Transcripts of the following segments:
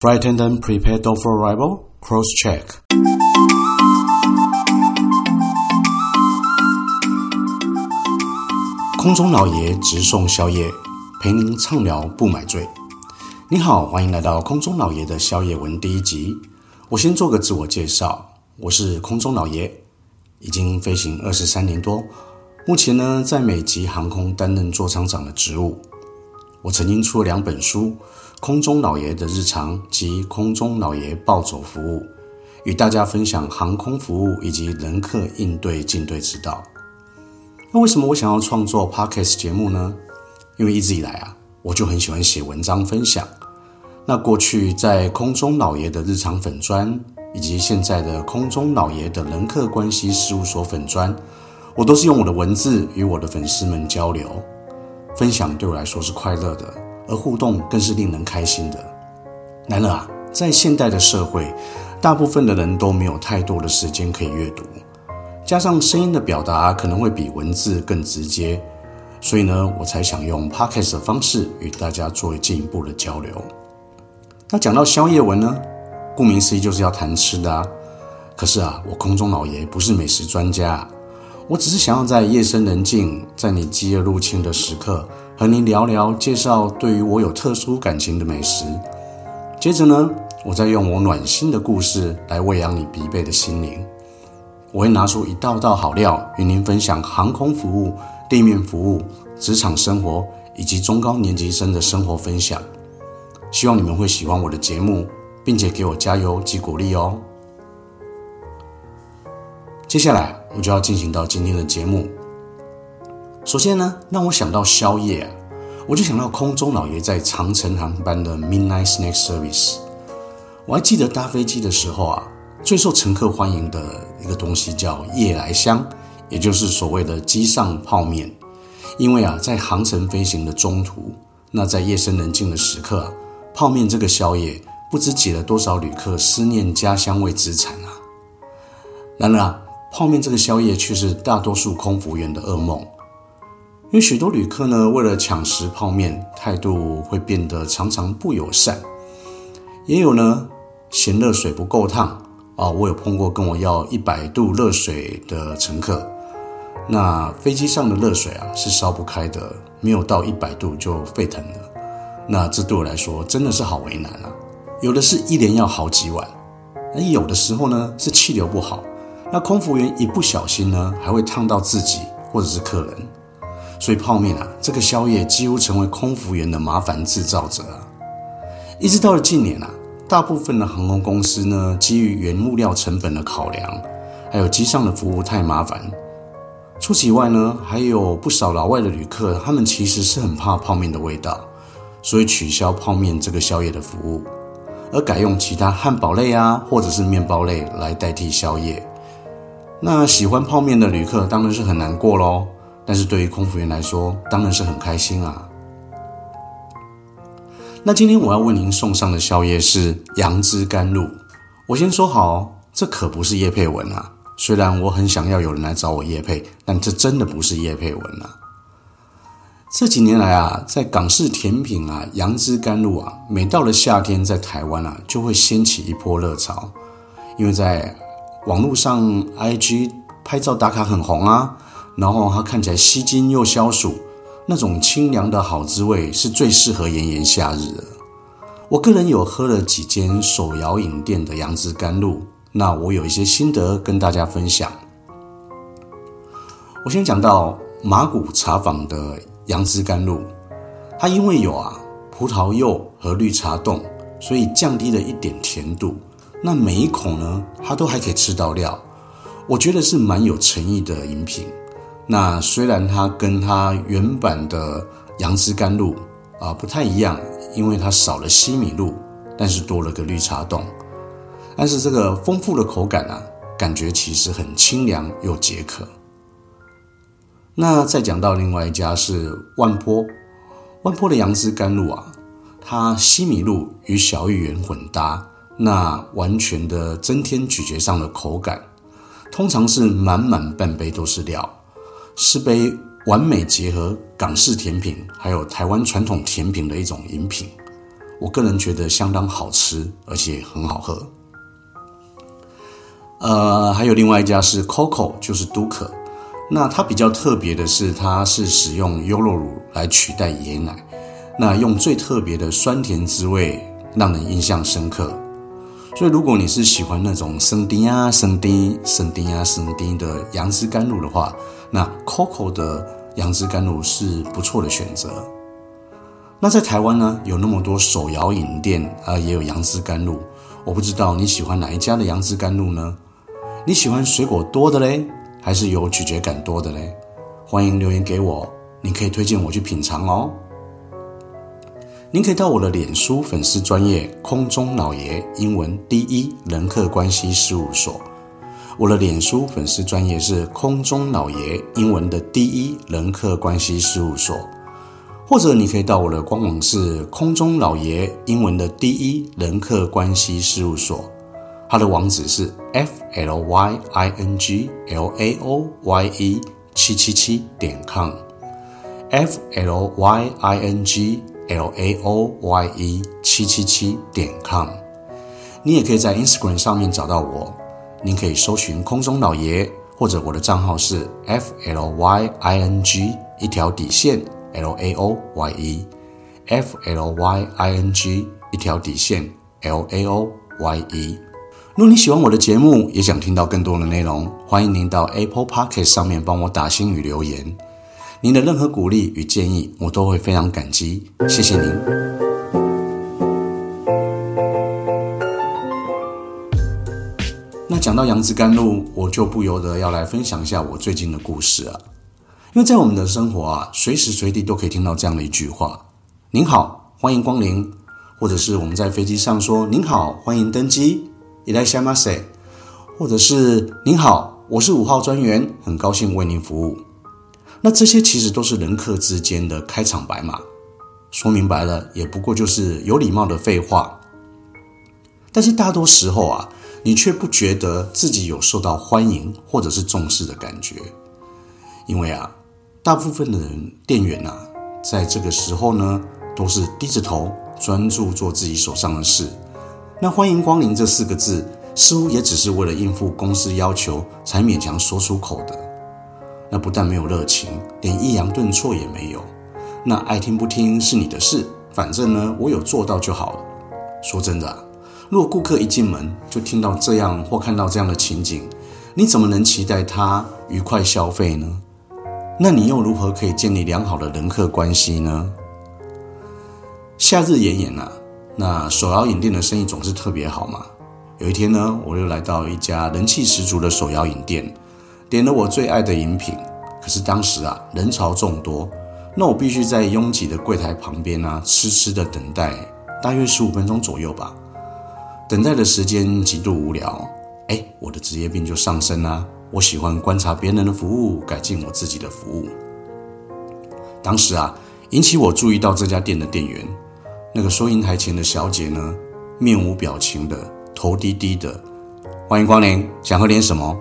Brighten them, prepare for arrival. Cross check. 空中老爺直送宵夜，陪您暢聊不買醉。你好，歡迎來到空中老爺的宵夜文第一集。我先做個自我介紹，我是空中老爺，已經飛行二十三年多，目前呢，在美籍航空擔任座艙長的職務。我曾經出了兩本書，《空中老爺的日常》及《空中老爺暴走服務》，與大家分享航空服務以及人客應對進退之道。那為什麼我想要創作 Podcast 節目呢？因為一直以來啊，我就很喜歡寫文章分享。那過去在《空中老爺的日常》粉專，以及現在的《空中老爺的人客關係事務所》粉專，我都是用我的文字與我的粉絲們交流。分享對我來說是快樂的，而互動更是令人開心的。然而啊，在現代的社會，大部分的人都沒有太多的時間可以閱讀，加上聲音的表達啊，可能會比文字更直接，所以呢，我才想用 Podcast 的方式與大家做一進一步的交流。那講到宵夜文呢，顧名思義就是要談吃的啊。可是啊，我空中老爺不是美食專家。我只是想要在夜深人靜，在你飢餓入侵的時刻，和您聊聊介紹對於我有特殊感情的美食。接着呢，我再用我暖心的故事來餵養你疲憊的心靈。我會拿出一道道好料，與您分享航空服務、地面服務、職場生活以及中高年級生的生活分享。希望你們會喜歡我的節目，並且給我加油及鼓勵哦。接下來。我就要進行到今天的節目。首先呢，讓我想到宵夜啊，我就想到空中老爺在長程航班的 Midnight Snack Service。我還記得搭飛機的時候啊，最受乘客歡迎的一個東西叫夜來香，也就是所謂的機上泡面。因為啊，在航程飛行的中途，那在夜深人靜的時刻，啊，泡面這個宵夜，不知擠了多少旅客思念家鄉味之饞啊！然而啊泡麵這個宵夜卻是大多數空服員的噩夢，因為許多旅客呢，為了搶食泡麵，態度會變得常常不友善。也有呢嫌熱水不夠燙啊，哦，我有碰過跟我要一百度熱水的乘客。那飛機上的熱水啊是燒不開的，沒有到一百度就沸騰了。那這對我來說真的是好為難啊！有的是一連要好幾碗，而有的時候呢是氣流不好。那空服員一不小心呢，還會燙到自己或者是客人，所以泡面啊，這個宵夜幾乎成為空服員的麻煩製造者啊。一直到了近年啊，大部分的航空公司呢，基於原物料成本的考量，還有機上的服務太麻煩，除此以外呢，還有不少老外的旅客，他們其實是很怕泡面的味道，所以取消泡面這個宵夜的服務，而改用其他漢堡類啊，或者是面包類來代替宵夜。那喜歡泡麵的旅客當然是很難過嘍，但是對於空服員來說，當然是很開心啊。那今天我要為您送上的宵夜是楊枝甘露。我先說好，這可不是業配文啊。雖然我很想要有人來找我業配，但這真的不是業配文啊。這幾年來啊，在港式甜品啊，楊枝甘露啊，每到了夏天在台灣啊，就會掀起一波熱潮，因為在網絡上，IG 拍照打卡很紅啊，然後它看起來吸睛又消暑，那種清涼的好滋味是最適合炎炎夏日的。我個人有喝了幾間手搖飲店的楊枝甘露，那我有一些心得跟大家分享。我先講到麻古茶坊的楊枝甘露，它因為有啊葡萄柚和綠茶凍，所以降低了一點甜度。那每一口呢，它都還可以吃到料，我覺得是蠻有誠意的飲品。那雖然它跟它原版的楊枝甘露啊、呃、不太一樣，因為它少了西米露，但是多了個綠茶凍。但是這個豐富的口感啊，感覺其實很清涼又解渴。那再講到另外一家是萬波，萬波的楊枝甘露啊，它西米露與小芋圓混搭。那完全的增添咀嚼上的口感，通常是滿滿半杯都是料，是杯完美結合港式甜品還有台灣傳統甜品的一種飲品。我個人覺得相當好吃，而且很好喝。呃，還有另外一家是 Coco，就是都可。那它比較特別的是，它是使用優酪乳來取代椰奶，那用最特別的酸甜滋味，讓人印象深刻。所以，如果你是喜歡那種生丁呀、啊、生丁、啊、生丁呀、生丁的楊枝甘露的話，那 Coco 的楊枝甘露是不錯的選擇。那在台灣呢，有那麼多手搖飲店啊、呃，也有楊枝甘露。我不知道你喜歡哪一家的楊枝甘露呢？你喜歡水果多的嘞，還是有咀嚼感多的嘞？歡迎留言給我，你可以推薦我去品嘗哦。您可以到我的臉書粉絲專頁“空中老爺英文 de 人客關係事務所”。我的臉書粉絲專頁是“空中老爺英文的 de 人客關係事務所”。或者你可以到我的官網是“空中老爺英文的 de 人客關係事務所”。它的網址是 flyinglaoye 七七七點 com。flying laoye 七七七點 com，你也可以在 Instagram 上面找到我，您可以搜尋空中老爺，或者我的賬號是 flying 一條底線 laoye flying 一條底線 laoye。如果你喜歡我的節目，也想聽到更多的內容，歡迎您到 Apple Podcast 上面幫我打星與留言。您的任何鼓勵與建議，我都會非常感激。謝謝您。那講到楊枝甘露，我就不由得要來分享一下我最近的故事啊。因為在我們的生活啊，隨時隨地都可以聽到這樣的一句話：“您好，歡迎光臨。”或者是我們在飛機上說：“您好，歡迎登機。”いらっしゃいませ，或者是“您好，我是五號專員，很高興為您服務。”那這些其實都是人客之間的開場白嘛，說明白了也不過就是有禮貌的廢話。但是大多時候啊，你卻不覺得自己有受到歡迎或者是重視的感覺，因為啊，大部分的人、店員啊，在這個時候呢，都是低着頭專注做自己手上的事。那歡迎光臨這四個字，似乎也只是為了應付公司要求才勉強說出口的。那不但沒有熱情，連抑揚頓挫也沒有。那愛聽不聽是你的事，反正呢，我有做到就好了。說真的啊，如果顧客一進門就聽到這樣或看到這樣的情景，你怎麼能期待他愉快消費呢？那你又如何可以建立良好的人客關係呢？夏日炎炎啊，那手搖飲店的生意總是特別好嘛。有一天呢，我又來到一家人氣十足的手搖飲店。點了我最愛的飲品，可是當時啊，人潮眾多，那我必須在擁擠的櫃檯旁邊呢、啊，痴痴的等待大約十五分鐘左右吧。等待的時間極度無聊，哎、欸，我的職業病就上身啦、啊，我喜歡觀察別人的服務，改進我自己的服務。當時啊引起我注意到這家店的店員，那個收銀台前的小姐呢，面無表情的，頭低低的，歡迎光臨，想喝點什麼？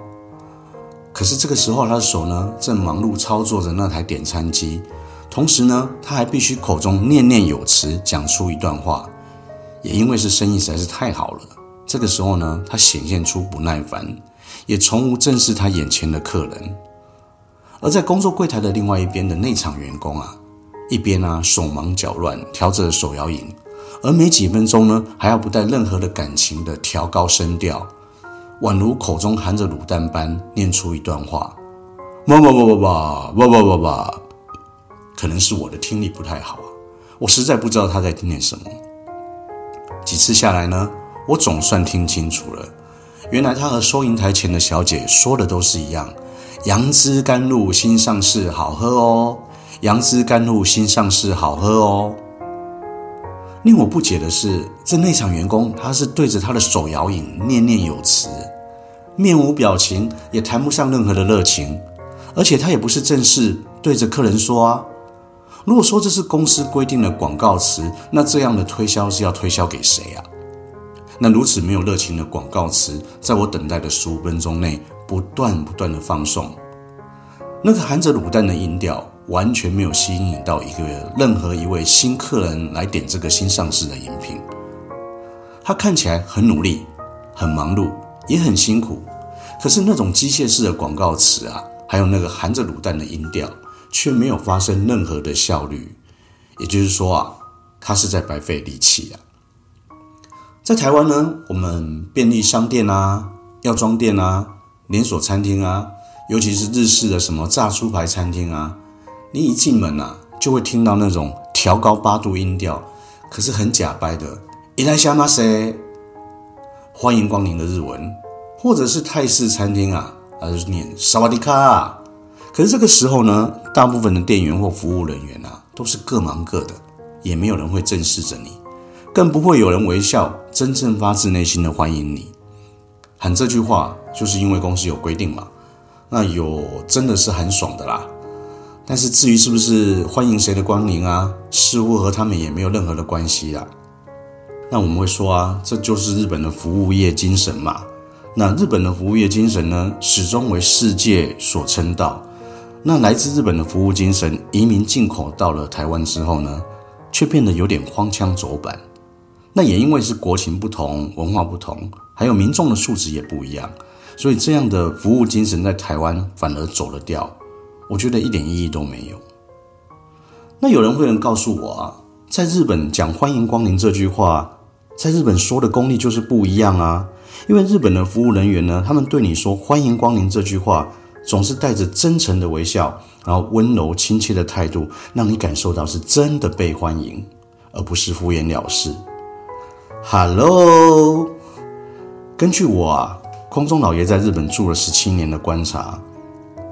可是這個時候，他的手呢正忙碌操作着那台點餐機，同時呢，他還必須口中念念有詞，講出一段話。也因為是生意實在是太好了，這個時候呢，他顯現出不耐煩，也從無正視他眼前的客人。而在工作櫃台的另外一邊的內場員工啊，一邊啊，手忙腳亂調着手搖飲，而沒幾分鐘呢，還要不帶任何的感情的調高聲調。宛如口中含着滷蛋般念出一段話，麼麼麼麼麼麼麼麼，可能是我的聽力不太好，啊，我實在不知道他在念什麼。幾次下來呢，我總算聽清楚了，原來他和收銀台前的小姐說的都是一樣：楊枝甘露新上市，好喝哦！楊枝甘露新上市，好喝哦！令我不解的是，這內場員工他是對着他的手搖影念念有詞，面無表情，也談不上任何的熱情，而且他也不是正式對着客人說啊。如果說這是公司規定的廣告詞，那這樣的推銷是要推銷給誰啊？那如此沒有熱情的廣告詞，在我等待的十五分鐘內不斷不斷的放送。那個含着滷蛋的音調完全沒有吸引到一個任何一位新客人來點這個新上市的飲品。他看起來很努力、很忙碌、也很辛苦，可是那種機械式的廣告詞啊，還有那個含着滷蛋的音調，卻沒有發生任何的效率。也就是說啊，他是在白費力氣啊。在台灣呢，我們便利商店啊、藥妝店啊、連鎖餐廳啊。尤其是日式的什麼炸豬排餐廳啊，你一進門啊，就會聽到那種調高八度音調，可是很假掰的「いらっしゃいませ」，歡迎光臨的日文，或者是泰式餐廳啊，而是念沙瓦迪卡。可是這個時候呢，大部分的店員或服務人員啊，都是各忙各的，也沒有人會正視着你，更不會有人微笑，真正發自內心的歡迎你。喊這句話就是因為公司有規定嘛。那有真的是很爽的啦，但是至於是不是歡迎誰的光臨啊，似乎和他們也沒有任何的關係啦。那我們會說啊，這就是日本的服務業精神嘛。那日本的服務業精神呢，始終為世界所稱道。那來自日本的服務精神，移民進口到了台灣之後呢，卻變得有點荒腔走板。那也因為是國情不同、文化不同，還有民眾的素質也不一樣。所以這樣的服務精神在台灣反而走了調，我覺得一點意義都沒有。那有人會有人告訴我啊，在日本講“歡迎光臨”這句話，在日本說的功力就是不一樣啊。因為日本的服務人員呢，他們對你說“歡迎光臨”這句話，總是帶着真誠的微笑，然後溫柔親切的態度，讓你感受到是真的被歡迎，而不是敷衍了事。Hello，根據我啊。空中老爺在日本住了十七年的觀察，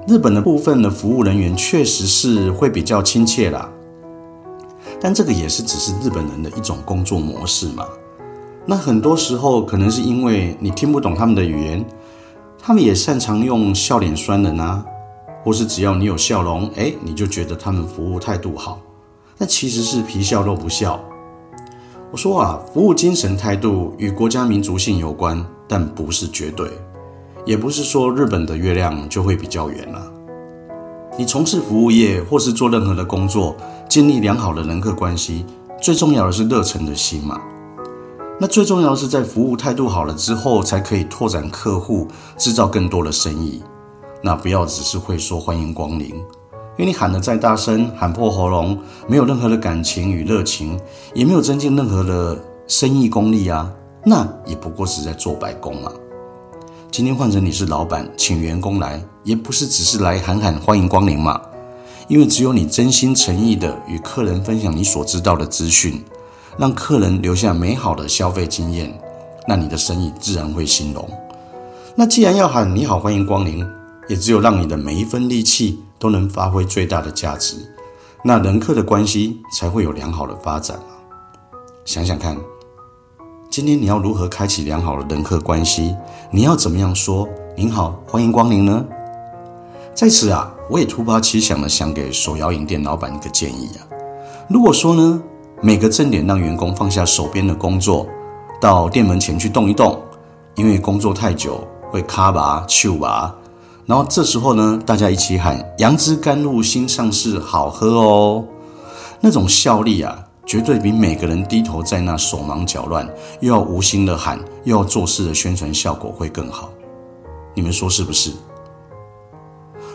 日本的部分的服務人員確實是會比較親切啦，但這個也是只是日本人的一種工作模式嘛。那很多時候可能是因為你聽不懂他們的語言，他們也擅長用笑臉酸人啊，或是只要你有笑容，哎，你就覺得他們服務態度好，那其實是皮笑肉不笑。我說啊，服務精神態度與國家民族性有關，但不是絕對，也不是說日本的月亮就會比較圓了啊。你從事服務業或是做任何的工作，建立良好的人客關係，最重要的是熱忱的心嘛。那最重要的是在服務態度好了之後，才可以拓展客戶，製造更多的生意。那不要只是會說歡迎光臨。因為你喊得再大聲，喊破喉嚨，沒有任何的感情與熱情，也沒有增進任何的生意功力啊，那也不過是在做白工啊。今天換成你是老闆，請員工來，也不是只是來喊喊歡迎光臨嘛。因為只有你真心誠意的與客人分享你所知道的資訊，讓客人留下美好的消費經驗，那你的生意自然會興隆。那既然要喊你好歡迎光臨，也只有讓你的每一分力氣，都能發揮最大的價值，那人客的關係才會有良好的發展啊，想想看，今天你要如何開啟良好的人客關係？你要怎麼樣說“您好，歡迎光臨”呢？在此啊，我也突發奇想的想給手搖飲店老闆一個建議啊！如果說呢，每個正點讓員工放下手邊的工作，到店門前去動一動，因為工作太久會卡拔、翹拔。然後這時候呢，大家一起喊“楊枝甘露新上市，好喝哦”，那種效力啊，絕對比每個人低頭在那手忙腳亂，又要無心的喊，又要做事的宣傳效果會更好。你們說是不是？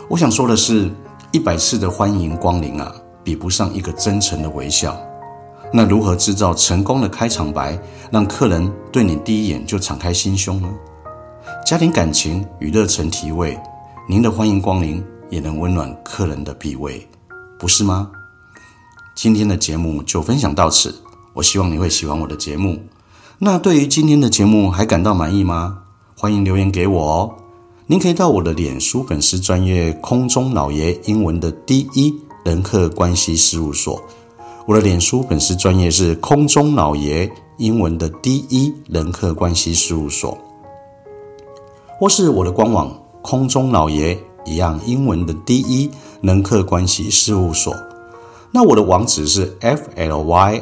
我想說的是，一百次的歡迎光臨啊，比不上一個真誠的微笑。那如何制造成功的開場白，讓客人對你第一眼就敞開心胸呢？加點感情與熱忱體，提味。您的歡迎光臨也能溫暖客人的脾胃，不是嗎？今天的節目就分享到此，我希望你會喜歡我的節目。那對於今天的節目還感到滿意嗎？歡迎留言給我哦。您可以到我的臉書粉絲專頁空中老爺英文的第一人客關係事務所，我的臉書粉絲專頁是空中老爺英文的第一人客關係事務所，或是我的官網。空中老爺一樣，英文的 D E 人客關係事務所。那我的網址是 flyinglaoye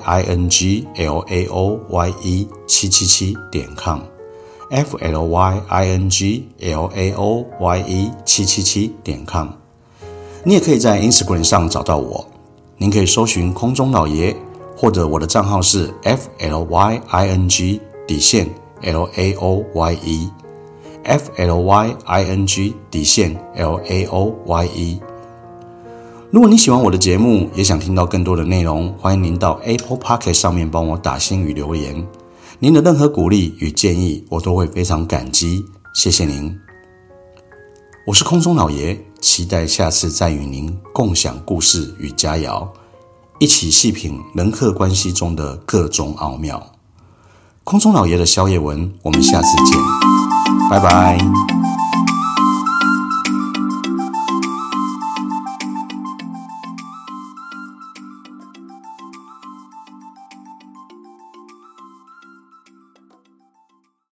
七七七點 com，flyinglaoye 七七七點 com。你也可以在 Instagram 上找到我，您可以搜尋空中老爺，或者我的賬號是 flying 底線 laoye。f l y i n g 底線 l a o y e。如果你喜歡我的節目，也想聽到更多的內容，歡迎您到 Apple Pocket 上面幫我打星與留言。您的任何鼓勵與建議，我都會非常感激。謝謝您！我是空中老爺，期待下次再與您共享故事與佳肴，一起細品人客關係中的各種奧妙。空中老爺的宵夜文，我們下次見。拜拜。